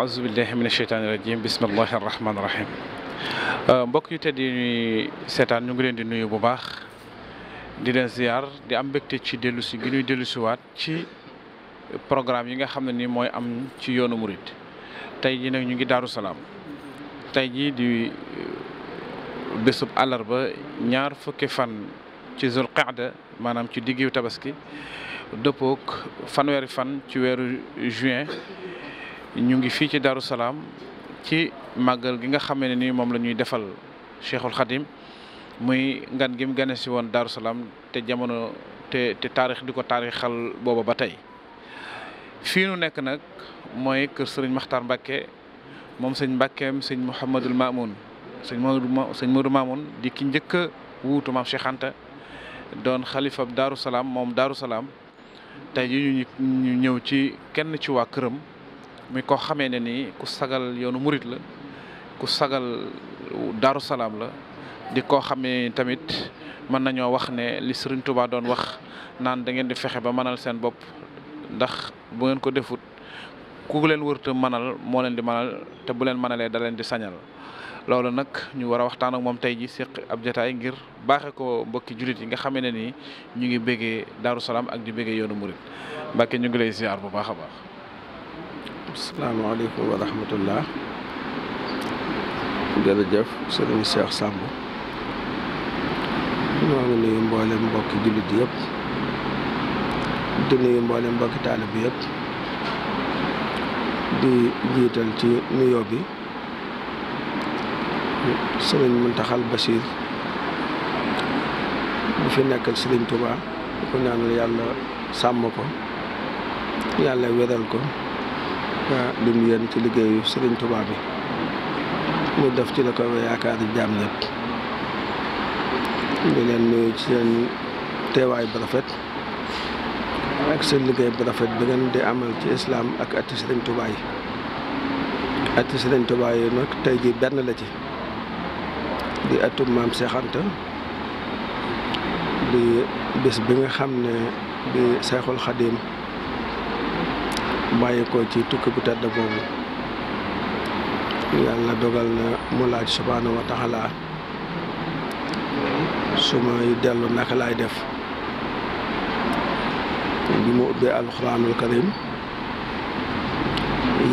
aousubillahi min asheytaani rajim bismillahi arrahmaani rahim euh, mbokk yu tedd yi ñuy seetaan ñu ngi leen di nuyu bu baax di leen ziar di am mbégte ci dellusi si gi ñuy dellu siwaat ci programme yi nga xam ne ni mooy am ci yoonu murit tey jii nag ñu ngi daaru salaam tey jii di euh, bésub àllarba ñaar fukki fan ci zul maanaam ci diggu tabaski dëppook fanweeri fan ci weeru juin ñu ngi fii ci Darou Salaam ci màggal gi nga xamee ne ni moom lañuy defal Cheikhul Khadim muy ngan gi mu gane si woon Darou Salaam te jamono te te taarix di ko taarixal booba ba tey fii nu nekk nag mooy kër sëriñ Maxtaar Mbàkke moom sëñ Mbàkkeem sëñ Mouhamadul Mamoun sëñ Modou sëñ di ki njëkk a wuutu maam Cheikh doon xalifa Darou Salaam moom Darou Salaam tey ji ñu ñëw ci kenn ci waa këram mi ko xamee ne nii ku sagal yoonu murit la ku sagal daaru salaam la di koo xamee tamit mën nañoo wax ne li Serigne Touba doon wax naan da ngeen di fexe ba mënal seen bopp ndax bu ngeen ko defut ku leen wërta mënal moo leen di mënal te bu leen mënalee da leen di sañal loolu nag ñu war a waxtaan ak moom tey ji seq ab jotaay ngir baaxe ko mbokki jullit yi nga xamee ne nii ñu ngi béggee daaru salaam ak di béggee yoonu murit Mbàkke ñu ngi lay ziar bu baax a baax. asalaamaaleykum wa rahmatullah jërëjëf sëriñ Cheikh Samb ñoo ngi nuyu mboole mbokki jullit yépp di nuyu mboolem mbokki taalib yëpp di jiital ci nuyoo bi sëriñ Muntaxal Bachir bu fi nekkal sëriñ Touba di ko ñaanal yàlla sàmm ko yàlla wéral ko lim yéen ci liggéeyu Serigne Touba bi mu def ci la ko yaakaar jaam ñëpp di leen nuyu seen teewaay bu rafet ak seen liggéey bu rafet bi ngeen di amal ci islaam ak atti Serigne Touba yi atti Serigne yi nag tey ji benn la ci di atum maam Cheikh Anta di bi nga xam ne di Seexul Xadiim bàyyi ko ci tukki bu tedd boobu yàlla dogal na mu laaj subhaanahu wa taala su may dellu naka laay def bi mu ubbee alxuraanul karim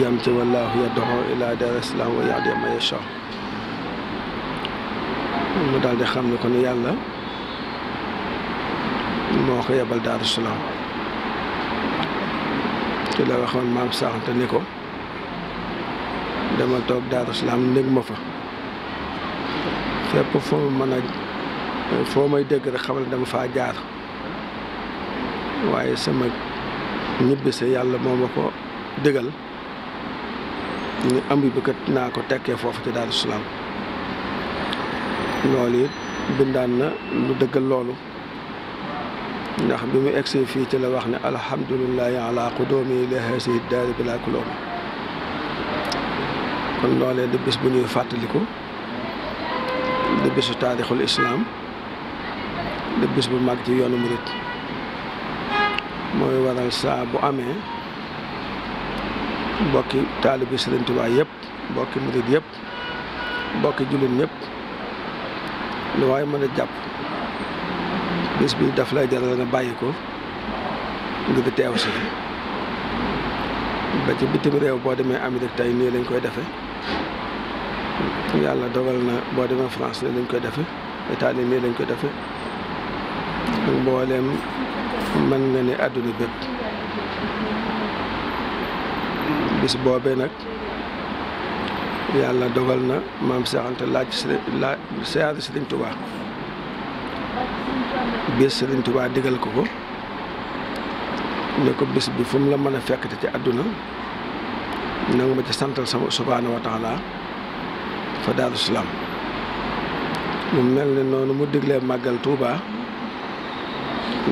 yam ci wallaahu yad'u ilaa daaril islaam wa yahdi man yashaa mu daal di xam ne ko kon yàlla moo ko yebal daaru salaam ci la waxoon maam Saxante ni ko dama toog Daaru Salaam néeg ma fa fépp foo mën a foo may dégg rek xamal dama faa jaar waaye sama ñibbise yàlla moo ma ko dëgal ni ambi bi kat naa ko tekkee foofu ci Daaru Salaam loolu it bindaan na lu dëggal loolu ndax bi mu egsee fii ci la wax ne alhamdulilahi ala qudoomi laha si daari bi laa kuloomi kon loolee di bu ñuy fàttaliku di bisu taarixul islaam di bis bu mag ci yoonu murit mooy waral saa bu amee mbokki taalibi Sëriñ Tuubaa yëpp mbokki murit yépp mbokki jullit ñépp lu waaye mën a jàpp bis bi daf lay jaral nga bàyyi ko ngir teew si réew boo demee Amérique tey nii lañ koy defee yàlla dogal na boo demee France nii koy defee Italie nii lañ koy defee mbooleem mën nga ne àdduna bépp bis boobee nag yàlla dogal na maam seexante laaj laaj siyaare Sëriñ Tuubaa bés Sëriñ tubaa digal ko ko ne ko bés bi fu mu la mën a fekk ci àdduna nanga ma ci santal sama subhaana fa Daaru mu mel ne noonu mu diglee màggal Tuubaa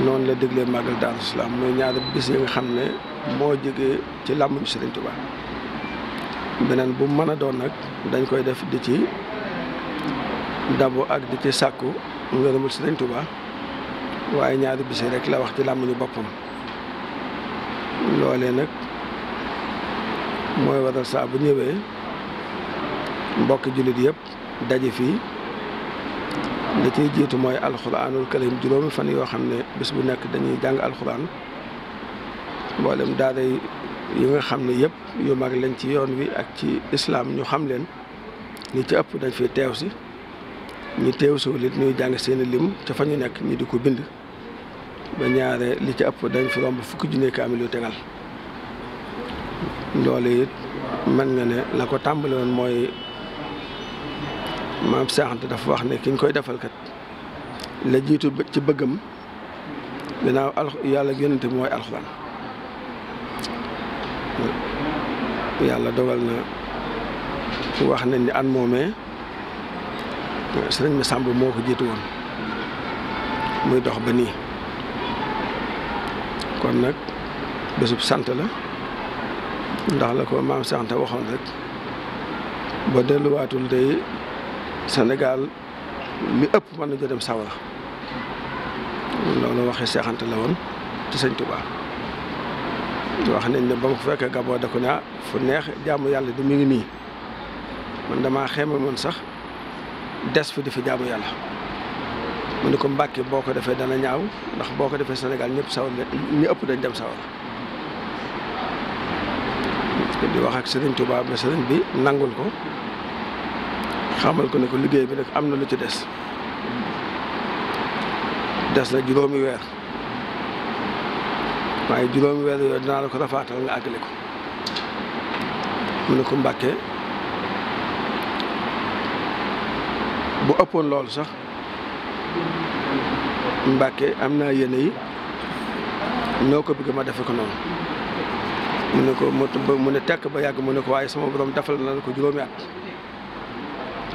noonu la diglee màggal Daaru Salaam mooy ñaari bés yi nga xam ne moo jógee ci làmb bi Sëriñ Tuubaa beneen bu mën a doon nag dañ koy def di ci dabu ak di ci sàkku ngërëmul Sëriñ Tuubaa waaye ñaari bisi rek la wax ci làmmiñu boppam loole nag mooy waral saa bu ñëwee mbokki jullit yëpp daje fii li ciy jiitu mooy alxuraanul karim juróomi fan yoo xam ne bis bu nekk dañuy jàng alxuraan mboolem daara yi nga xam ne yépp yu mag lañ ci yoon wi ak ci islaam ñu xam leen li ci ëpp dañ fi teew si ñu teew suul it ñuy jàng seeni lim ca fa ñu nekk ñu di ko bind ba ñaare li ci ëpp dañ fi romb fukki junne kaamil yu tegal loolu it mën nga ne la ko tàmbali woon mooy maam Seex dafa wax ne ki koy defal kat la jiitu ci bëggam ginnaaw al yàlla yonent mooy alxuraan yàlla dogal na wax nañ ni an moomee sëriñ Massamba moo ko jiitu woon muy dox ba nii kon nag bésub sant la ndax la ko maam sant waxoon rek boo delluwaatul day senegal li ëpp mën nañu dem sawara loolu waxi seexante la woon ci sëñ Tuubaa wax nañ ne ba mu fekkee Gabon da ko ne ah fu neex jàmm yàlla di mu ngi nii man dama xeme moon sax des fi di fi jaamu yàlla mu ne ko mbàkki boo ko defee dana ñaaw ndax boo ko defee Sénégal ñëpp sawar ñu ëpp dañ dem sawar di wax ak sëriñ Tuubaa ba sëriñ bi nangul ko xamal ko ne ko liggéey bi nag am na lu ci des des na juróomi weer waaye juróomi weer yooyu dinaa la ko rafaatal nga àggale ko mu ne ko mbàkke bu ëppoon loolu sax Mbàkke am naa yéene yi noo ko bëgg ma defe ko noonu mu ne ko mu ne tekk ba yàgg mu ne ko waaye sama boroom defal na ko juróomi at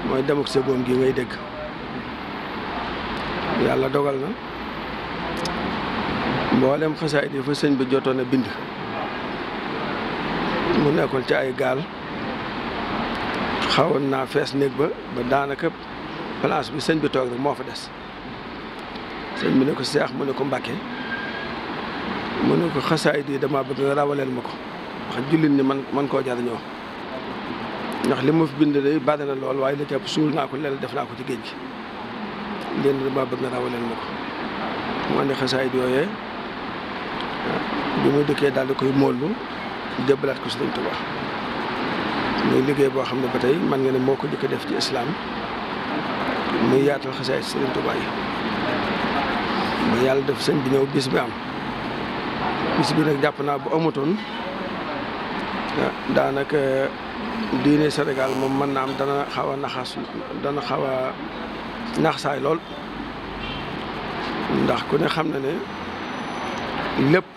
mooy dem ak sa góom gi ngay dégg yàlla dogal na mboolem xasaayid yi fa sëñ bi jotoon a bind mu nekkoon ci ay gaal xawoon naa fees néeg ba ba daanaka place bi sëñ bi toog rek moo fa des sëñ bi ne ko seex mu ne ko mbàkke mu ne ko xasaay di dama bëgg nga rawaleel ma ko wax jullit ni man man koo jariñoo ndax li ma fi bind day bari na lool waaye li tepp suul naa ko lenn def naa ko ci géej gi lenn dama bëgg nga rawaleel ma ko mu andi xasaay yooyee bi muy dëkkee daal di koy moolu jébbalaat ko Sëriñ Tuubaa muy liggéey boo xam ne ba tey man nga ne moo ko jëkk def ci islam mu yaatal xasaay Sëriñ Tuubaa yi ba yàlla def sëñ bi ñëw bis bi am bis bi nag jàpp naa bu amutoon ah, daanaka diine senegal moom mën naa am dana xaw a naxas dana xaw a naxsaay lool ndax ku ne xam na ne lépp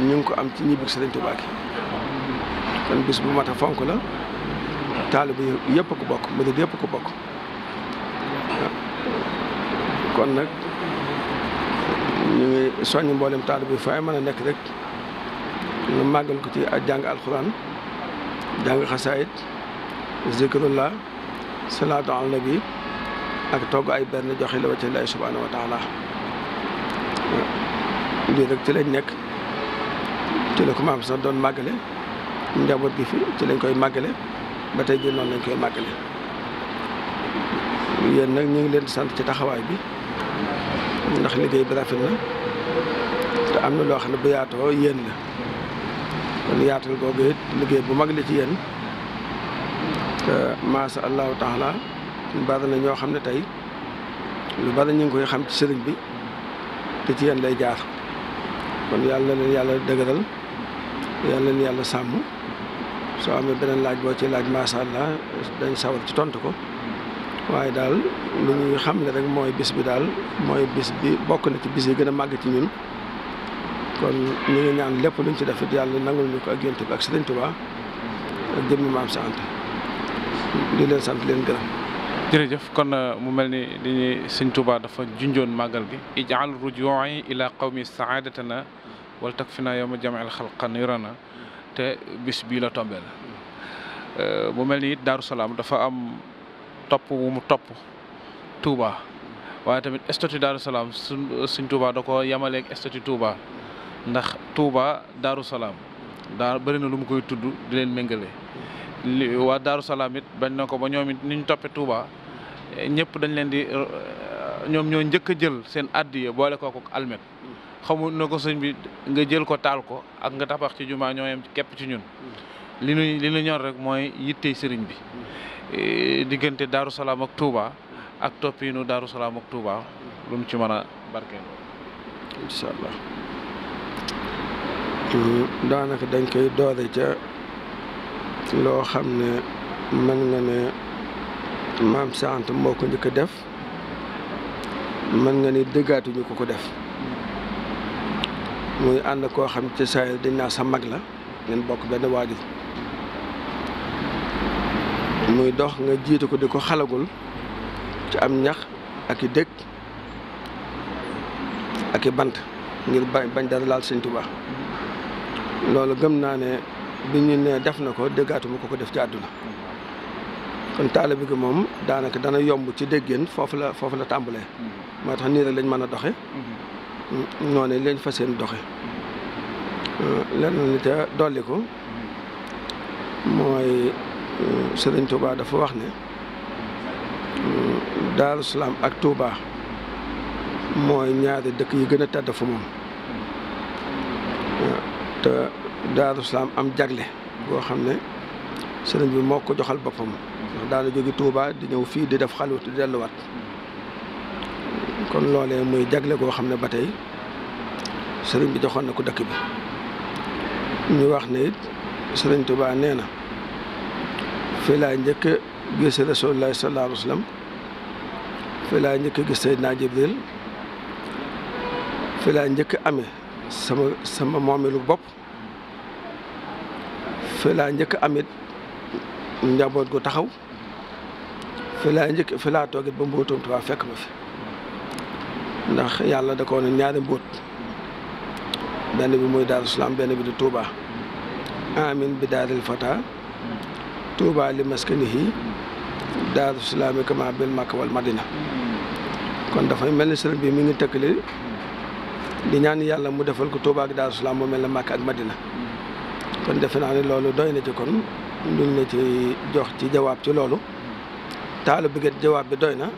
ñu ngi ko am ci ñibbi Sëriñ Tuubaa gi kon bis bu mat a fonk la taalibe yëpp ko bokk murid yépp ko bokk kon nag ñu ngi soññ mboolem taalibe bi faay mën a nekk rek ñu màggal ko ci jàng alxuraan jàng xasaayit zikrullah salaatu ala nabi ak togg ay benn joxe la wacce lay subhaanahu wa taala lii rek ci lañ nekk ci la ko maam sax doon màggale njaboot gi fi ci lañ koy màggale ba tey ji noonu lañ koy màggale yéen nag ñu ngi leen sant ci taxawaay bi ndax liggéey bi rafet na te am na loo xam ne bu yaatoo yéen la kon yaatal googu it liggéey bu mag la ci yéen maasa allahu taala bari na ñoo xam ne tey lu bari ñu ngi koy xam ci sëriñ bi te ci yéen lay jaar kon yàlla leen yàlla dëgëral yàlla leen yàlla sàmm soo amee beneen laaj boo ci laaj maasa allah dañ sawar ci tontu ko waaye daal lu ñuy xam ne rek mooy bis bi daal mooy bis bi bokk na ci bis yi gën a màgg ci ñun kon ñu ngi ñaan lépp luñ ci def it yàlla nangul ñu ko ak Yonent bi ak Sëriñ Tuubaa ak jëmmi Maam Sa Anta di leen sant leen gërëm. jërëjëf kon uh, mu mel ni dañuy Sëriñ Tuubaa dafa junjoon màggal gi ijaal rujuu'i ila qawmi saadatana wal takfina yawma jamiil xalqa nirana te bis bii la tombeel uh, mu mel ni it Daaru dafa am. topp wu mu topp Touba waaye tamit statut Daaru Salaam suñ suñ Touba da ko yemaleeg statut Touba ndax Touba Daaru Salaam daa bëri na lu mu koy tudd di leen méngale waa Daaru Salaam it bañ na ko ba ñoom it ni ñu toppee ñëpp dañ leen di ñoom ñoo njëkk a jël seen addiya boole kooku almet xamul na ko sëñ bi nga jël ko taal ko ak nga tabax ci jumaa ñoo yem képp ci ñun li ñu ñor rek mooy yittey sëriñ bi Eh, diggante Darou Salaam ak Touba ak toppiinu Darou Salaam ak Touba lu mu ci mën a barkeel. incha eh, daanaka dañ koy doore ca loo xam ne mën nga ne maam sant moo ko njëkk a def mën nga ne dëggaatuñu ko ko def muy ànd koo xam ca saa dañ naa sa mag la ngeen bokk benn waajur. muy dox nga jiitu ko di ko xalagul ci am ñax ak i dëkk ak i bant ngir bañ dara laal Sëñ Tuubaa loolu gëm naa ne bi ñu ne def na ko déggaatuma ko ko def ci àdduna kon taalibe gi moom daanaka dana yomb ci déggéen foofu la foofu la tàmbalee mm-hmm. moo tax nii lañ mën a doxe mm-hmm. noonu lañ fas yéene doxe mm-hmm. lenn li te dolli ko mooy Sëriñ Touba dafa wax ne euh, Daaru Salaam ak Touba mooy ñaari dëkk yi gën a tàdd fa moom te Daaru am jagle goo xam ne sëriñ bi moo ko joxal boppam ndax daana jóge Touba di ñëw fii di def xalwat di delluwaat kon loolee muy jagle goo xam ne ba tey sëriñ bi joxoon na ko dëkk bi ñu wax ne it sëriñ Touba nee na fii laa njëkk a gis rasulullahi sallallahu alayhi wa laa njëkk a gis Seydina Jibril fii laa njëkk a amee sama sama moomeelu bopp fii laa njëkk amit njaboot gu taxaw fii laa njëkk fii laa toogit ba mbóotoom Tuubaa fekk ma fi ndax yàlla da ko ne ñaari mbóot benn bi muy Daaru benn bi di Tuubaa amin bi daaril fata Touba li maskanihi daaru salaami kama bil makka wal madina kon dafay mel ni sëriñ bi mi ngi tëkkale di ñaan yàlla mu defal ko Touba ak daaru salaam mu mel ne makka ak madina kon defe naa ne loolu doy na ci kon luñ la ci jox ci jawaab ci loolu taalu bi jawaab bi doy na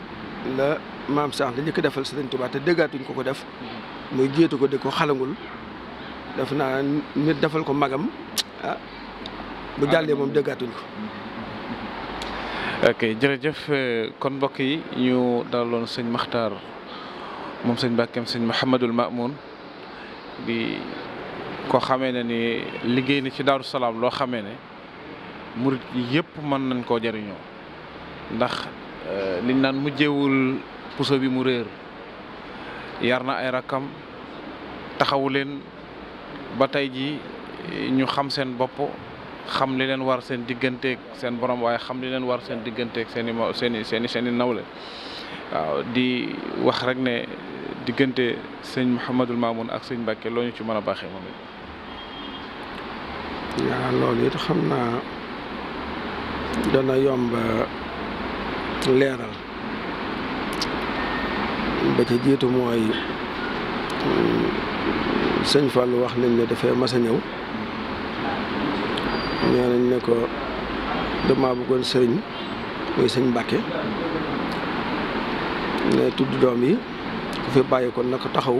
la maam sax li ñu ko defal sëriñ Touba te déggaatuñ ko ko def muy jiitu ko di ko xalangul def naa nit defal ko magam ah, bu jàllee moom déggaatuñ ko. ok jërëjëf kon mbokk yi ñu daloon sëñ maxtar moom sëñ Mbàkkeem sëñ Mouhamadul Mamoun di ko xamee na ni liggéey na ci Daaru Salaam loo xamee ne murit yépp mën nañ koo jariñoo ndax eh, liñ naan mujjewul puso bi mu réer yar na ay rakkam taxawu leen ba tey ji ñu xam seen bopp xam li leen war seen digganteeg seen borom waaye xam li leen war seen digganteeg seen i seeni i seen i seen i nawle waaw di wax rek ne diggante sëñ Mouhamadul Mamoun ak sëñ Mbacke ci mën a baaxee moom loolu it xam naa dana yomb leeral ba ci jiitu mooy mm, sëñ Fallou wax nañ ne dafay mas a ñëw. nee nañ ne ko dama bëggoon sëriñ muy sëñ Mbàkke ne tudd doom yi ku fi bàyyi ko na ko taxaw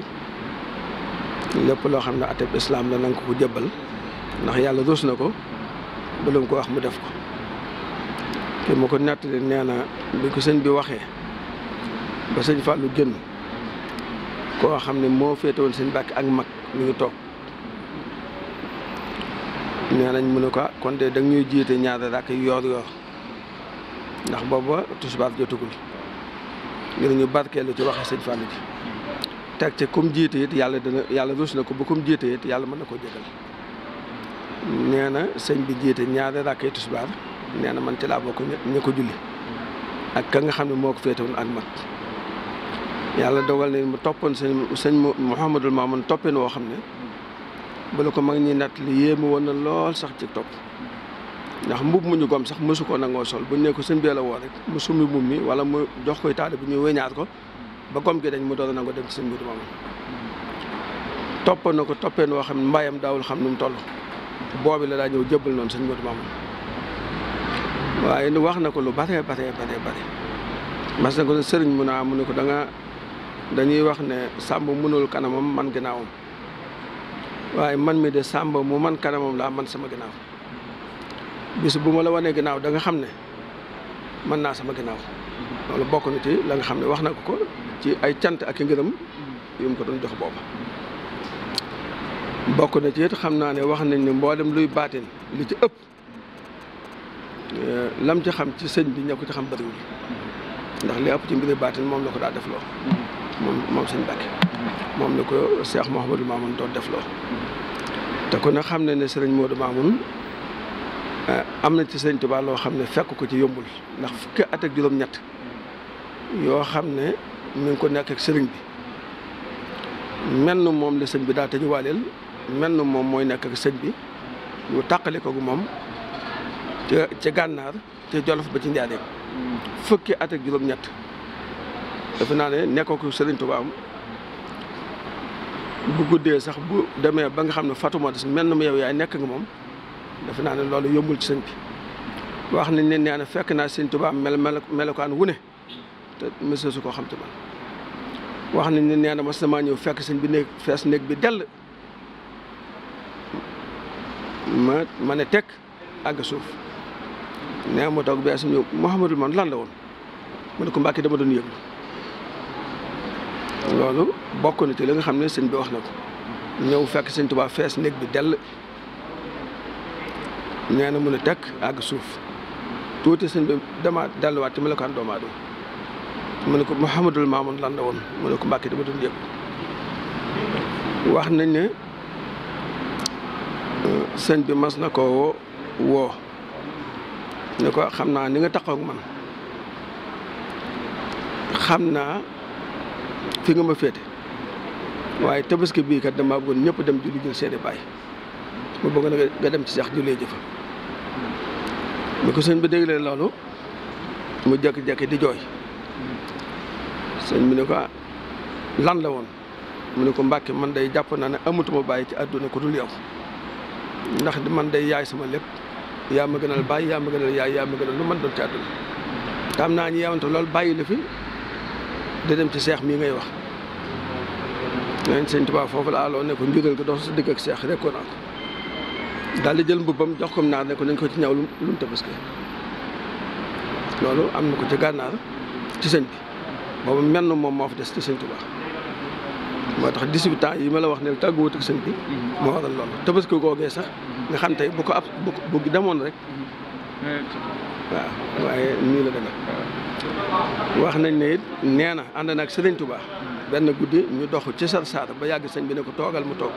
lépp loo xam ne ateb islaam la nanga ko ko jëbbal ndax yàlla rus na ko ba mu ko wax mu def ko te ma ko nettali nee na bi ko sëñ bi waxee ba sëñ fàllu génn koo xam ne moo féetewoon sëñ Mbàkke ak mag mi ngi toog nee nañ mu ne ko kon de ñuy jiite ñaari rakk yu yor-yor ndax booba tisbaar jotugul ngir ñu barkeelu ci waxe sëñ Fallou ji teg ci comme jiite yàlla dana yàlla rus na ko ba comme jiite yàlla mën na ko jégal nee na sëñ bi jiite ñaare rakk yu tisbaar nee na man ci laa bokk ñu ko julli ak ka nga xam ne moo ko féetewoon ak mat yàlla dogal ne mu toppoon sëñ sëñ Mouhamadul Mamoun toppin woo xam ne. ba la ko mag ñi natt li yéeme woon na lool sax ci topp ndax mbub mu ñu gom sax mësu koo nangoo sol bu ne ko sëñ bi la woo rek mu summi mbub mi wala mu jox koy taali bu ñuy weñaat ko ba gom gi dañ mu doon nangoo dem ci sëñ bi du ma na ko toppeen woo xam ne mbayam daawul xam nu mu toll boobi la daa ñëw jëbbal noonu sëñ Modou Mamoun waaye ni wax na ko lu bare bare bare bare mas na ko sëriñ mu naa ah, mu ne ko danga dañuy wax ne sàmm mënul kanamam man ginnaawam waaye man mi de sàmba mu man kanamam laa man sama ginnaaw bis bu ma la wanee ginnaaw da nga xam ne mën naa sama ginnaaw loolu bokk na ci la nga xam ne wax nañ ko ko ci ay cant ak i ngërëm ko doon jox boobu bokk na ci it xam naa ne wax nañ ne mboolem luy baatin li ci ëpp eh, lam ci xam ci sëñ bi ña ko ci xam bëriwul ndax li ëpp ci mbiri baatin moom la ko daa def loo moom moom sëñ moom la ko Cheikh Mouhamadou Mamoun doon defloo te ku ne xam ne ne sëriñ Modou Mamoun eh, am na ci sëriñ Tuubaa loo xam ne fekk ko ci yombul ndax fukki at ak juróom-ñett yoo xam ne mi ngi ko nekk ak sëriñ bi menn moom la sëñ bi daa tëju mel menn moom mooy nekk ak sëñ bi ñu tàqale ko gu moom ci gànnaar te jolof ba ci njaareem fukki at ak juróom-ñett defe naa ne nekkoo ko sëriñ Tuubaa am bu guddee sax bu demee ba nga xam ne fatuma des mel na mu yow yaay nekk nga moom defe naa ne loolu yombul ci sëñ bi wax nañ ne nee na fekk naa sëñ Tuubaa mel melokaan wu ne te mësee su ko xam te man wax nañ ne nee na mas namaa ñëw fekk sëñ bi néeg fees néeg bi dell ma ma ne teg àgg suuf nee ma toog bee suñu Mouhamadul man lan la woon ma ne ko Mbàkke dama doon yëglu loolu bokk na ci li nga xam ne sëñ bi wax na ko ñëw fekk sëñ Tuubaa fees néeg bi dell nee na mun a tekk àgg suuf tuuti sëñ bi demaat delluwaat ci melokaan doomu aadama mu ne ko Mouhamadul Mamoun lan la woon mu ne ko Mbàkke dama doon yëg wax nañ ne sëñ bi mas na koo woo ne ko xam naa ni nga taxaw ak man xam naa fi nga ma féete waaye tabaski bii kat damaa bëggoon ñëpp dem julli jël seeni baay ma bëgg na nga dem ci seex jullee jëfa bi ko sëñ bi déglee loolu mu jékki-jékki di jooy sëñ mu ne ko ah, lan la woon mu ne ko Mbàkke man day jàpp naa ne amatuma bàyyi ci àdduna ko dul yow ndax man day yaay sama lépp yaa ma gënal bàyyi yaa ma gënal yaay yaa ma gënal lu man doon ci àdduna te am naa ñu yawante loolu bàyyi la fi da dem ci seex mii ngay wax leen sëñ Tuubaa foofu la aloo ne ko njugal ko dox sa digg ak seex rek ko naa daal di jël mbubbam jox ko naar ne ko nañ ko ci ñaw lu mu tabaski loolu am na ko ci gànnaar ci sëñ bi boobu menn moom moo fi des ci sëñ Tuubaa moo tax dix-huit ans yi ma la wax ne tàgguwut ak sëñ bi moo waral loolu tabaski googee sax nga xam tey bu ko ab bu demoon rek mm-hmm. waaw waaye nii la demee wax nañ ne it nee na ànd naag sëriñ Touba benn guddi ñu dox ci sar ba yàgg sëñ bi ne ko toogal mu toog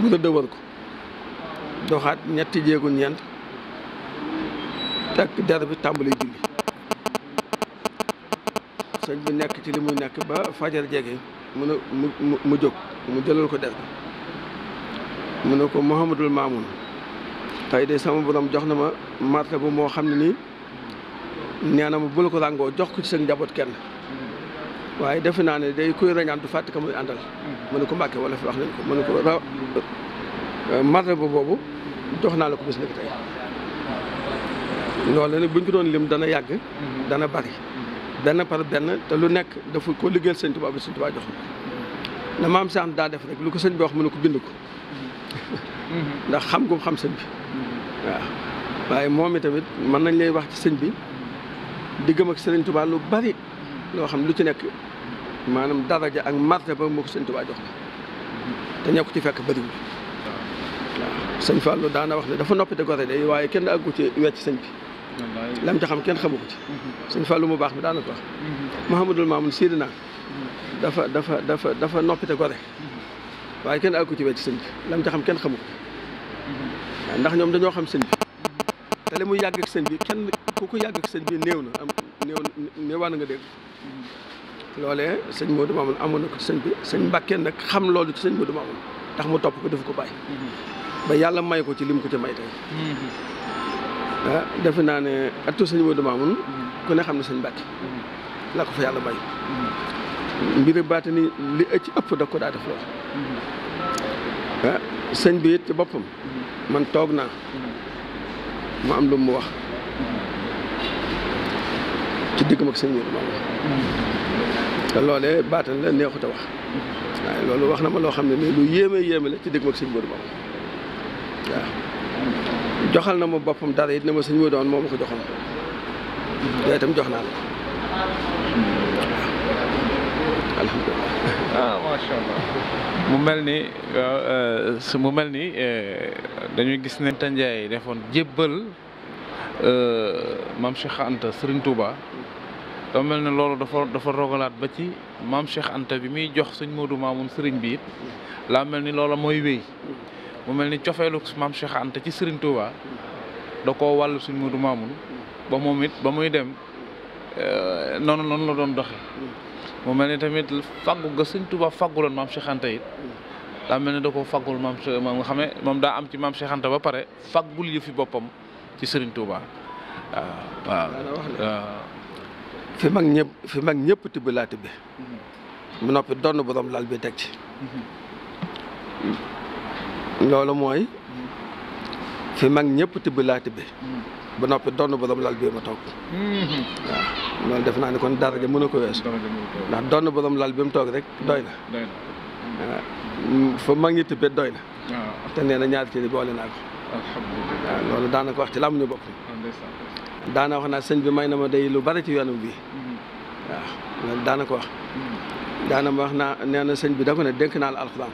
mu rëdd wër ko doxaat ñetti jéegu ñeent takk der bi tàmbali julli sëñ bi nekk ci li muy nekk ba fajar jege mu ne mu mu mu jóg mu jëlal ko der bi mu ne ko Mouhamadul Mamoun tey de sama borom jox na ma martaba moo xam ne nii nee na ma bu la ko ràngoo jox ko ci seen njaboot kenn waaye defe naa ne day kuy rañaan du fàtte ko muy àndal. Mm-hmm. mu ne ko mbàkke wala fi wax nañ ko mu ne ko ra euh, marre ba boobu jox naa la ko bis nekk loolu nag buñ ko doon lim dana yàgg. Mm-hmm. dana bari mm-hmm. benn par benn te lu nekk dafa ko liggéeyal sëñ Tuubaa bi sëñ Tuubaa jox na maam sax daa def rek lu ko sëñ bi wax mu ne ko bind ko ndax xam gum xam sëñ bi waaw waaye moom itamit mën nañ lay wax ci sëñ bi. di gëm ak Serigne Touba lu bari loo xam lu ci nekk maanaam daraja ak martaba ba ko Serigne Touba jox te ñoo ci fekk bëriwul. waaw sëñ daana wax ne dafa noppi de gore day waaye kenn àggu ci wecc sëñ bi. lam ca xam kenn xamu ko ci. sëñ Fallou mu baax mi daana ko wax. Mouhamadul Mamoun Sidina dafa dafa dafa dafa noppi de waaye kenn àggu ci wecc sëñ bi lam ca xam kenn xamu ndax ñoom dañoo xam sëñ te li muy yàgg ak sëñ bi kenn ku ko yàgg ak sëñ bi néew na am néew néewaan nga dégg loolee sëñ Modou Mamoun amoon na ko ci sëñ bi sëñ Mbàkke nag xam loolu ci sëñ Modou Mamoun tax mu topp ko def ko bàyyi mm-hmm. ba yàlla may ko ci lim ko ci may tey mm-hmm. ah, defe naa ne attu sëñ Modou Mamoun mm-hmm. ku ne xam ne sëñ Mbàkke la ko fa yàlla may mbiri baata ni li ci ëpp da ko daa def loolu ah, sëñ bi ci boppam man toog naa mu am lu mu wax ci diggam ak sëñ Modou Mamoune te la neexut wax loolu wax na ma loo xam ne nii lu yéeme yéeme la ci diggam ak sëñ Modou Mamoune waaw joxal na ma boppam dara it ne ma sëñ Modou Mamoune moo ma ko joxoon yooyu itam jox naa la mu mel ni su euh, euh, mu mel ni euh, dañuy gis ne Tandiaye defoon jébbal mam Cheikh Anta Serigne Touba. dafa mel ni loolu dafa dafa rogalaat ba ci maam Cheikh Anta bi muy jox suñ Modou Mamoun Serigne bi laa mel ni loola mooy wéy mu mel ni cofeelu maam Cheikh Anta ci Serigne Touba da koo wàllu suñ Modou Mamoun ba muy dem noonu noonu la doon doxe mu mel ni tamit faggu ga sëñ Tuubaa fagguloon maam Cheikh Anta it mel ne da fagul faggul maam moom xam ne moom daa am ci maam Cheikh ba pare faggul yëfi boppam ci sëriñ Tuubaa waaw waaw. fi mag ñëpp fi mag bu tibb laa tibbe mhm. mu noppi lal bi teg ci mhm. loolu mooy mhm. fi mag ñëpp tibb bi ba noppi donn borom lal bii ma toog waaw mm-hmm. def naa ne kon daraja mën a ko weesu ndax donn borom lal bi mu toog rek doy na waaw fa mag doy na mm-hmm. ah. te nee na ñaar cëri boole naa ko ah, loolu daana ko wax ci làmmiñu bopp ah, daana wax naa sëñ bi may na ma day lu bari ci yoonam bii waaw mm-hmm. loolu daana ko wax daana ma wax naa nee na sëñ bi da ko ne dénk naa la alxuraan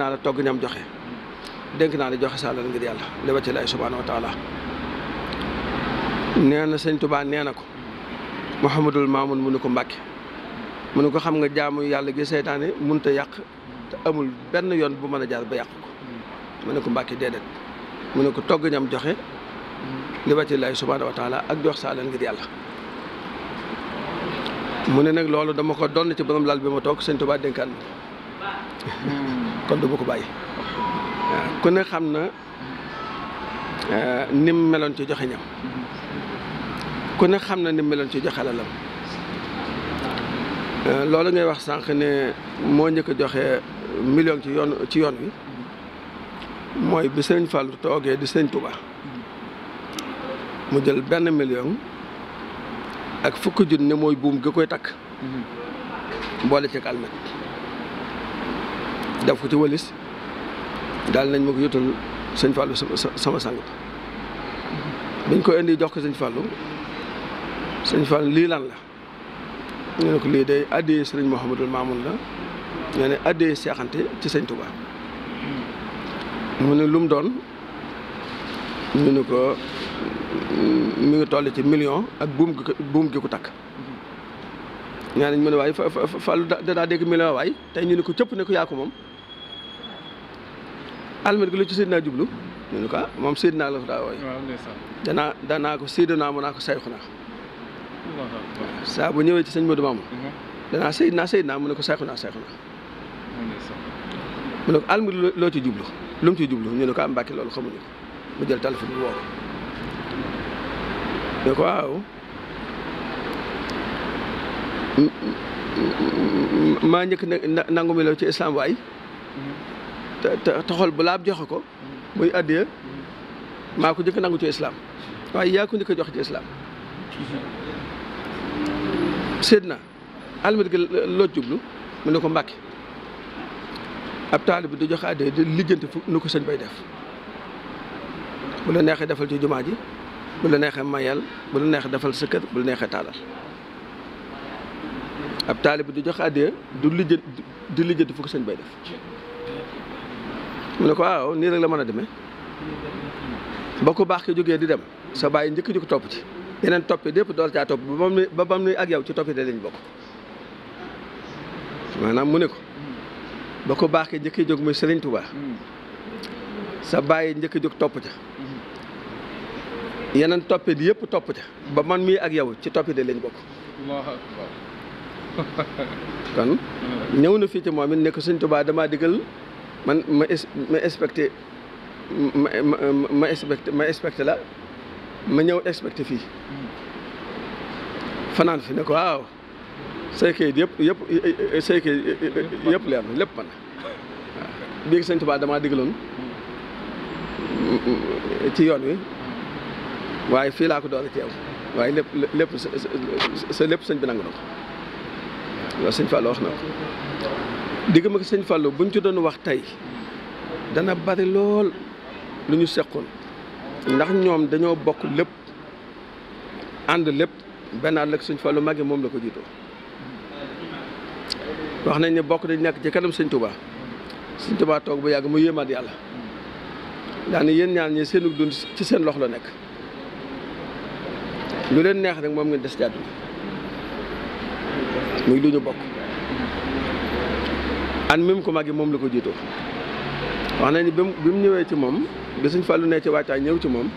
naa la togg ñam joxe dénk naa ne joxe sa alal ngir yàlla li wàcc lay subhaanahu wa taala nee na sëñ nee na ko Mouhamadul Maamun mu ne ko Mbàkke mu ne ko xam nga jaamu yàlla gi seytaane mënut a yàq te amul benn yoon bu mën a jaar ba yàq ko mu ne ko Mbàkke déedéet mu ne ko togg ñam joxe li wàcc lay subhaanahu ak jox sa alal ngir yàlla mu ne nag loolu dama ko donn ci borom lal bi ma toog sëñ Tuubaa dénkaan hmm. kon du ma ko bàyyi ku ne xam na eh, nim meloon ci joxe ñam ku ne xam na nim meloon ci joxelalam eh, loolu ngay wax sànq ne moo njëkk joxe million ci yoon ci yoon wi mooy bi sëñ Fallou toogee di sëñ Touba mu jël benn million ak fukki junne mooy buum gi koy takk mm-hmm. boole ci almet def ko ci wëlis daal nañ ma ko yotal sëñ Fallou sama sang bañ ko indi jox ko sëñ Fallou sëñ Fallou lii lan la ñu ne ko lii day addee sëriñ Mouhamadul Mamoun la ñu ne seexante ci sëñ Touba mu ne lum doon ñu ne ko mi ngi toll ci million ak buum gi buum gi ko takk ñaa nañ mu ne waaye Fallou da daa dégg million waay tey ñu ne ko cëpp ne ko yaa ko moom almet gi lu ci Seydina jublu ñu ne ko ah moom Seydina la fa daa wooy danaa danaa ko Seydina mu naa ko sayxu naa saa ñëwee ci sëñ Modou Mamoun mhm. danaa Seydina Seydina mu ne ko sayxu naa sayxu naa mu ne ko almet loo ci jublu lu ci jublu ñu ne ko ah Mbàkke loolu ko mu jël téléphone bi woo ko ne ko waaw maa njëkk nangu mi la ci islam waay mhm. te xol bu laab joxe ko muy addiya maa ko njëkk nangu ci islam waaye yaa ko njëkk joxe ci islam seet na almet gi loo jublu mu ne ko mbàkke ab taalib bi du joxe addiya di lijjanti fu bay def bu la defal ci jumaa ji bu la neexee mayal bu defal sa bu la neexee taalal ab bi du joxe addiya du lijjanti du lijjanti fu bay def mu ne ko waaw ah, oh, nii rek la mën a demee ba ku baax ki jógee di dem sa bàyyi njëkk jëkk topp ci yeneen toppi dépp door caa topp ba bam nuy ak yow ci toppi de lañ bokk mu ne ko ba ku baax ki njëkk jóg muy Sëriñ Tuubaa sa bàyyi njëkk jóg topp ca yeneen toppi di yëpp topp ca ba man mii ak yow ci toppi de lañ bokk kon ñëw na fii ci moom it nekk ko Sëriñ damaa digal man ma ma expecté ma ma ma expecté ma expecté la ma ñëw expecté fii fanaan fi ne ko waaw say kayit yëpp yëpp say yëpp leer na lépp man waaw bii sëñ Tuubaa damaa digaloon ci yoon wi waaye fii laa ko doon teew waaye lépp lépp sa lépp sëñ bi nangu na ko loolu sëñ Fall wax na ko digg ma ko sëñ Fallou buñ ci doon wax tey dana bari lool lu ñu seqoon ndax ñoom dañoo bokk lépp ànd lépp benn àll ak sëñ Fallou màggee moom la ko jiitoo wax nañ ne bokk dañ nekk ci kanam sëñ Touba sëñ Touba toog bu yàgg mu yéemaat yàlla daani yéen ñaar ñi seenu dund ci seen loxo la nekk lu leen neex rek moom ngeen des ci muy duñu bokk an même ko màggi moom la ko jiitu wax na ni bi mu ñëwee ci moom bi suñ fàllu nee ci waajtaay ñëw ci moom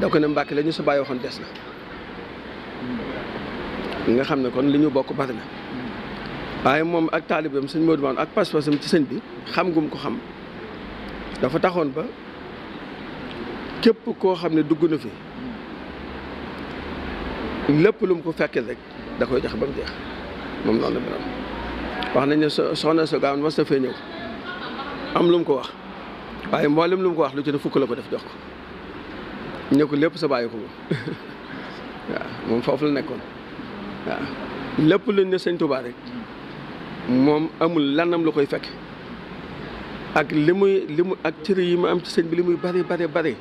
da ko ne mbàkki la ñu sa bàyyi waxoon des na nga xam ne kon li ñu bokk bari waaye moom ak taalibeem sëñ Modou Mamoune ak pas-pasam ci sëñ bi xam gum ko xam dafa taxoon ba képp koo xam ne dugg na fi lépp lu mu ko fekkee rek da koy jox ba mu jeex moom noonu la wax nañ ne soxna su gaaw mas na fee ñëw am lu mu ko wax waaye mboolem lu mu ko wax lu ci ne fukk la ko def jox ko ñu ko lépp sa bàyyi ko moom waaw moom foofu la nekkoon waaw lépp luñ ne sëñ Tuubaa rek moom amul lanam lu koy fekk ak li muy li mu ak cër yi mu am ci sëñ bi li muy bari bari bari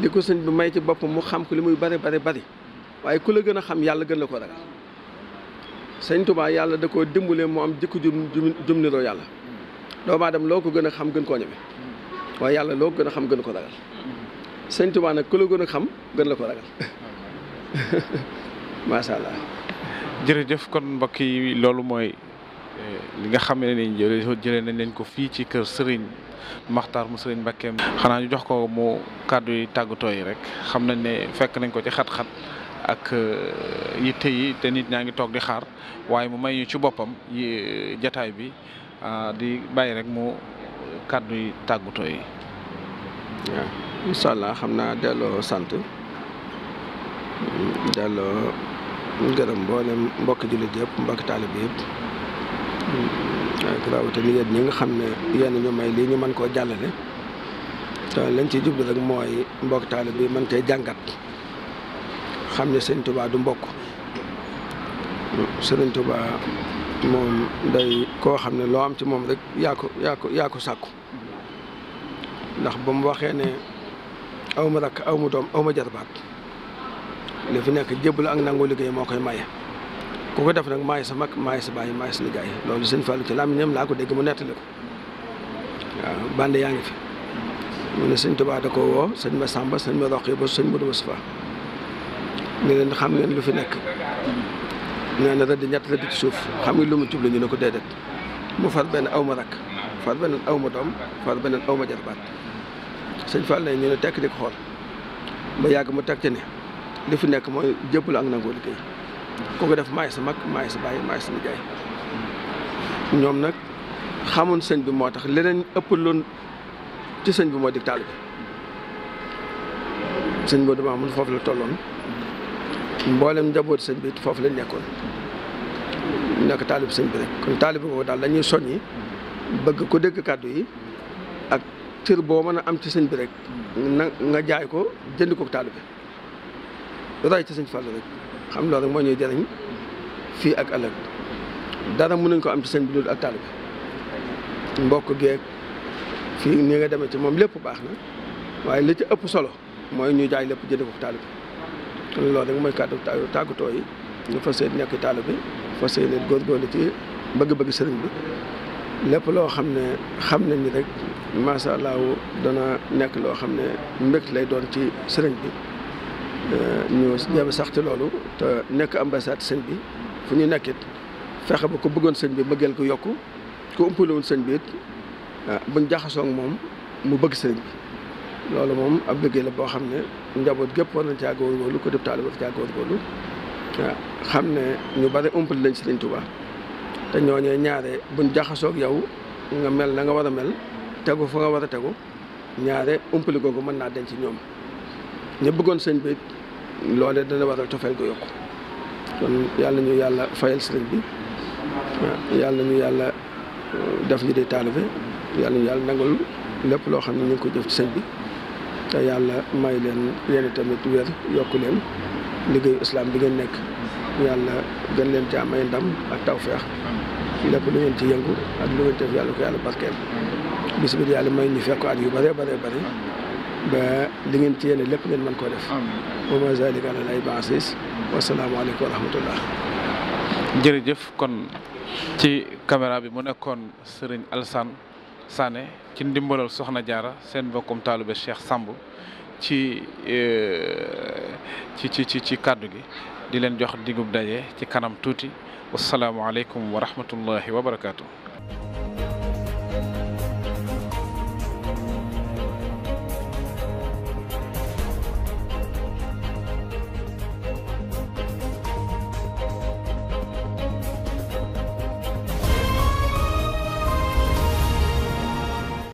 li ko sëñ bi may ci boppam mu xam ko li muy bari bari bari waaye ku la gën a xam yàlla gën la ko ragal sëñ Touba yàlla da koo dimbalee mu am jëkk ju jum niroo yàlla doomu dem loo ko gën a xam gën koo ñeme waaye yàlla loo ko gën a xam gën a ko ragal sëñ Touba nag ku la gën a xam gën la ko ragal macha allah. jërëjëf kon mbokk yi loolu mooy eh, li nga xam ne ni jëlee nañ leen ko fii ci kër Serigne maxtar mu Serigne Mbackeem xanaa ñu jox ko mu kàddu yi tàggatoo yi rek xam na ne fekk nañ ko ci xat-xat. ak euh, yitte yi te nit ñaa ngi toog di xaar waaye mu may ñu ci boppam yi jataay bi euh, di bàyyi rek mu kàddu yi tàggutoo yi. waaw incha xam naa delloo sant delloo gërëm mboolem mbokki jullit yëpp mbokki taalib yëpp. rawatina yéen ñi nga xam ne yéen ñu may lii ñu mën koo jàllale te lañ ciy jublu rek mooy mbokk taalib bi mën cee jàngat. xam ne sëñ Tuba du mbokk sëriñ Tuba moom day koo xam ne loo am ci moom rek yaa ko yaa ko ndax ba mu waxee ne aw ma rakk aw ma doom aw ma jarbaat li fi nekk jébbal ak nangu liggéey moo koy maye ku ko def nag maay sa mag maay sa bàyyi maay sa nijaay loolu sëñ Fallou ci làmmiñam laa ko dégg mu nettali ko waaw bande yaa ngi fi mu ne sëñ Tuba da ko woo sëñ ma sàmba sëñ ma Roqe ba sëñ Modou Moustapha ne leen xam ngeen lu fi nekk nee na rëdd ñett rëdd ci suuf xam ngeen lu mu jublu ñu ne ko déedéet mu far benn aw ma rakk far beneen aw ma doom far benn aw ma jarbaat sëñ Fall ne ñu ne tekk di ko xool ba yàgg mu teg ci ne li fi nekk mooy jëpp la ak nangoo liggéey ku ko def maay sa mag maay sa bàyyi maay sa nijaay ñoom nag xamoon sëñ bi moo tax leneen ëpp loon ci sëñ bi moo di taalibe sëñ boo dama mun foofu la tolloon mboolem njaboot sëñ bi foofu lañ nekkoon nekk taalib sëñ bi rek kon taalib boobu daal la ñuy soññi bëgg ko dégg kàddu yi ak cër boo mën a am ci sëñ bi rek na nga jaay ko jënd ko taalib bi ci sëñ Fallu rek xam loolu rek moo ñuy jëriñ fii ak ëllëg dara nañ ko am ci sëñ bi loolu ak taalib mbokk geeg fii ni nga demee ci moom lépp baax na waaye li ci ëpp solo mooy ñu jaay lépp jënd ko taalib loolu rek mooy kàddu tàggatoo yi ñu fas yéene nekk taalibe fas yéene góorgóorlu ci bëgg-bëgg sëriñ bi lépp loo xam ne xam nañ ni rek macha allah dana nekk loo xam ne mbégte lay doon ci sëriñ bi euh, ñu jéem sax ci loolu te nekk ambassade sëñ bi fu ñu nekkit fexe ba ko bëggoon sëñ bi bëggeel ko yokku ku umpale sëñ bi it ah, buñ jaxasoo ak moom mu bëgg sëriñ bi. loolu moom ab liggéey la boo xam ne njaboot gépp war nañ caa góorgóorlu ko def taalibe war caa góorgóorlu waaw xam ne ñu bari umpal lañ Sëriñ Tuubaa te ñooñee ñaare buñ jaxasoog yow nga mel na nga war a mel tegu fa nga war a tegu ñaare umpali googu mën naa denc ñoom ñu bëggoon sëñ bi loolee dana a cofeel gu yokku kon yàlla ñu yàlla fayal sëriñ bi waaw yàlla ñu uh, yàlla def ñu di taalibe yàlla ñu yàlla nangul lépp loo xam ne ñu ko jëf ci sëñ bi te yàlla may leen yéen tamit wér yokk leen liggéeyu islam bi ngeen nekk yàlla gën leen caa may ndam ak tawféex lépp lu ngeen ci yëngu ak lu ngeen def yàlla ko yàlla barkeel bis yàlla may ñu fekk at yu bëree bëree bëri ba li ngeen ci yéene lépp ngeen mën koo def wa ma zalika ala lay baasis wasalaamaaleykum wa kon ci caméra bi mu nekkoon Serigne Alassane Sané ci ndimbalal soxna jaara seen mbokkum taalube Cheikh Samb e, ci ci ci ci kàddu gi di leen jox digub daje ci kanam tuuti wasalaamualeykum wa rahmatullahi wa barakaatu.